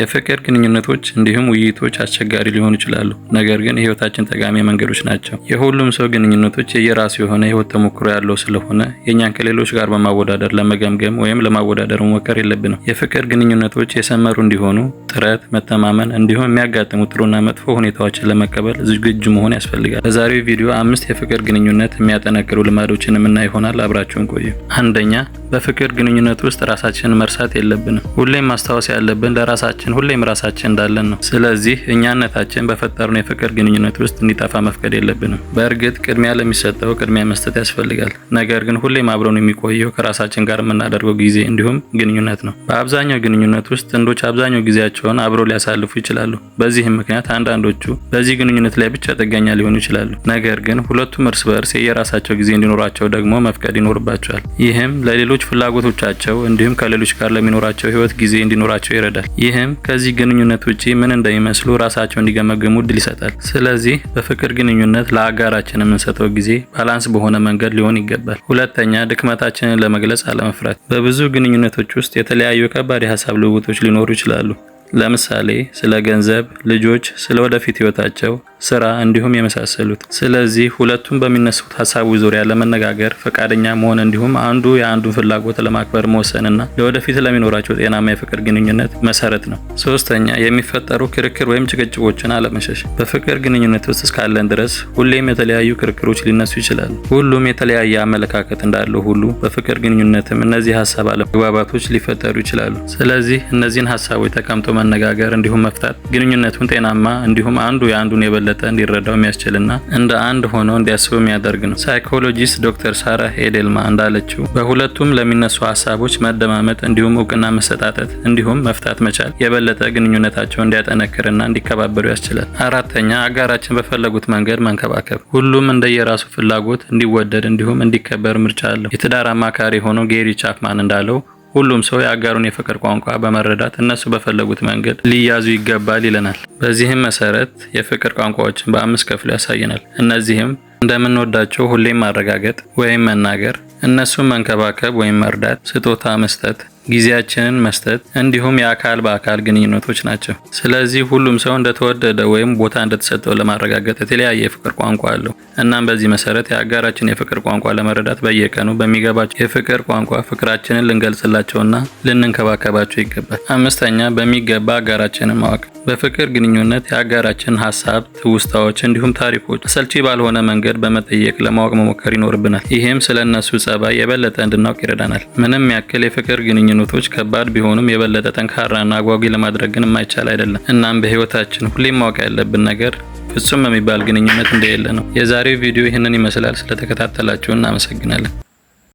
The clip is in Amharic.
የፍቅር ግንኙነቶች እንዲሁም ውይይቶች አስቸጋሪ ሊሆኑ ይችላሉ፣ ነገር ግን የህይወታችን ጠቃሚ መንገዶች ናቸው። የሁሉም ሰው ግንኙነቶች የየራሱ የሆነ ህይወት ተሞክሮ ያለው ስለሆነ የእኛን ከሌሎች ጋር በማወዳደር ለመገምገም ወይም ለማወዳደር መሞከር የለብንም። የፍቅር ግንኙነቶች የሰመሩ እንዲሆኑ ጥረት፣ መተማመን እንዲሁም የሚያጋጥሙ ጥሩና መጥፎ ሁኔታዎችን ለመቀበል ዝግጁ መሆን ያስፈልጋል። በዛሬው ቪዲዮ አምስት የፍቅር ግንኙነት የሚያጠነክሩ ልማዶችን የምና ይሆናል። አብራችሁን ቆዩ። አንደኛ፣ በፍቅር ግንኙነት ውስጥ ራሳችንን መርሳት የለብንም። ሁሌም ማስታወስ ያለብን ለራሳችን ውስጣችን ሁሌም ራሳችን እንዳለን ነው። ስለዚህ እኛነታችን በፈጠሩን የፍቅር ግንኙነት ውስጥ እንዲጠፋ መፍቀድ የለብንም። በእርግጥ ቅድሚያ ለሚሰጠው ቅድሚያ መስጠት ያስፈልጋል። ነገር ግን ሁሌም አብረን የሚቆየው ከራሳችን ጋር የምናደርገው ጊዜ እንዲሁም ግንኙነት ነው። በአብዛኛው ግንኙነት ውስጥ ጥንዶች አብዛኛው ጊዜያቸውን አብረው ሊያሳልፉ ይችላሉ። በዚህም ምክንያት አንዳንዶቹ በዚህ ግንኙነት ላይ ብቻ ጥገኛ ሊሆኑ ይችላሉ። ነገር ግን ሁለቱም እርስ በርስ የየራሳቸው ጊዜ እንዲኖራቸው ደግሞ መፍቀድ ይኖርባቸዋል። ይህም ለሌሎች ፍላጎቶቻቸው እንዲሁም ከሌሎች ጋር ለሚኖራቸው ህይወት ጊዜ እንዲኖራቸው ይረዳል። ይህም ከዚህ ግንኙነት ውጪ ምን እንደሚመስሉ ራሳቸው እንዲገመግሙ እድል ይሰጣል። ስለዚህ በፍቅር ግንኙነት ለአጋራችን የምንሰጠው ጊዜ ባላንስ በሆነ መንገድ ሊሆን ይገባል። ሁለተኛ ድክመታችንን ለመግለጽ አለመፍራት። በብዙ ግንኙነቶች ውስጥ የተለያዩ ከባድ የሀሳብ ልውውጦች ሊኖሩ ይችላሉ። ለምሳሌ ስለ ገንዘብ፣ ልጆች፣ ስለ ወደፊት ህይወታቸው፣ ስራ እንዲሁም የመሳሰሉት። ስለዚህ ሁለቱም በሚነሱት ሀሳቡ ዙሪያ ለመነጋገር ፈቃደኛ መሆን እንዲሁም አንዱ የአንዱን ፍላጎት ለማክበር መወሰንና ለወደፊት ለሚኖራቸው ጤናማ የፍቅር ግንኙነት መሰረት ነው። ሶስተኛ የሚፈጠሩ ክርክር ወይም ጭቅጭቦችን አለመሸሽ። በፍቅር ግንኙነት ውስጥ እስካለን ድረስ ሁሌም የተለያዩ ክርክሮች ሊነሱ ይችላሉ። ሁሉም የተለያየ አመለካከት እንዳለው ሁሉ በፍቅር ግንኙነትም እነዚህ ሀሳብ አለመግባባቶች ሊፈጠሩ ይችላሉ። ስለዚህ እነዚህን ሀሳቦች ተቀምጦ ማነጋገር እንዲሁም መፍታት ግንኙነቱን ጤናማ እንዲሁም አንዱ የአንዱን የበለጠ እንዲረዳው የሚያስችልና እንደ አንድ ሆነው እንዲያስቡ የሚያደርግ ነው። ሳይኮሎጂስት ዶክተር ሳራ ሄዴልማ እንዳለችው በሁለቱም ለሚነሱ ሀሳቦች መደማመጥ እንዲሁም እውቅና መሰጣጠት እንዲሁም መፍታት መቻል የበለጠ ግንኙነታቸው እንዲያጠነክርና እንዲከባበሩ ያስችላል። አራተኛ አጋራችን በፈለጉት መንገድ መንከባከብ። ሁሉም እንደየራሱ ፍላጎት እንዲወደድ እንዲሁም እንዲከበር ምርጫ አለው። የትዳር አማካሪ የሆነው ጌሪ ቻፕማን እንዳለው ሁሉም ሰው የአጋሩን የፍቅር ቋንቋ በመረዳት እነሱ በፈለጉት መንገድ ሊያዙ ይገባል ይለናል። በዚህም መሰረት የፍቅር ቋንቋዎችን በአምስት ከፍሎ ያሳየናል። እነዚህም እንደምንወዳቸው ሁሌም ማረጋገጥ ወይም መናገር፣ እነሱን መንከባከብ ወይም መርዳት፣ ስጦታ መስጠት፣ ጊዜያችንን መስጠት እንዲሁም የአካል በአካል ግንኙነቶች ናቸው። ስለዚህ ሁሉም ሰው እንደተወደደ ወይም ቦታ እንደተሰጠው ለማረጋገጥ የተለያየ የፍቅር ቋንቋ አለው። እናም በዚህ መሰረት የአጋራችን የፍቅር ቋንቋ ለመረዳት በየቀኑ በሚገባቸው የፍቅር ቋንቋ ፍቅራችንን ልንገልጽላቸውና ልንንከባከባቸው ይገባል። አምስተኛ በሚገባ አጋራችንን ማወቅ በፍቅር ግንኙነት የአጋራችን ሀሳብ፣ ትውስታዎች እንዲሁም ታሪኮች ሰልቺ ባልሆነ መንገድ በመጠየቅ ለማወቅ መሞከር ይኖርብናል። ይህም ስለ እነሱ ጸባይ የበለጠ እንድናውቅ ይረዳናል። ምንም ያክል የፍቅር ግንኙነቶች ከባድ ቢሆኑም የበለጠ ጠንካራና አጓጊ ለማድረግ ግን የማይቻል አይደለም። እናም በህይወታችን ሁሌም ማወቅ ያለብን ነገር ፍጹም የሚባል ግንኙነት እንደሌለ ነው። የዛሬው ቪዲዮ ይህንን ይመስላል። ስለተከታተላችሁ እናመሰግናለን።